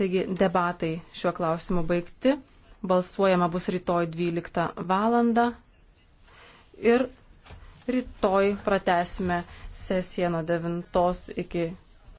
Taigi debatai šiuo klausimu baigti. Balsuojama bus rytoj 12 valandą. Ir rytoj pratesime sesiją nuo 9 iki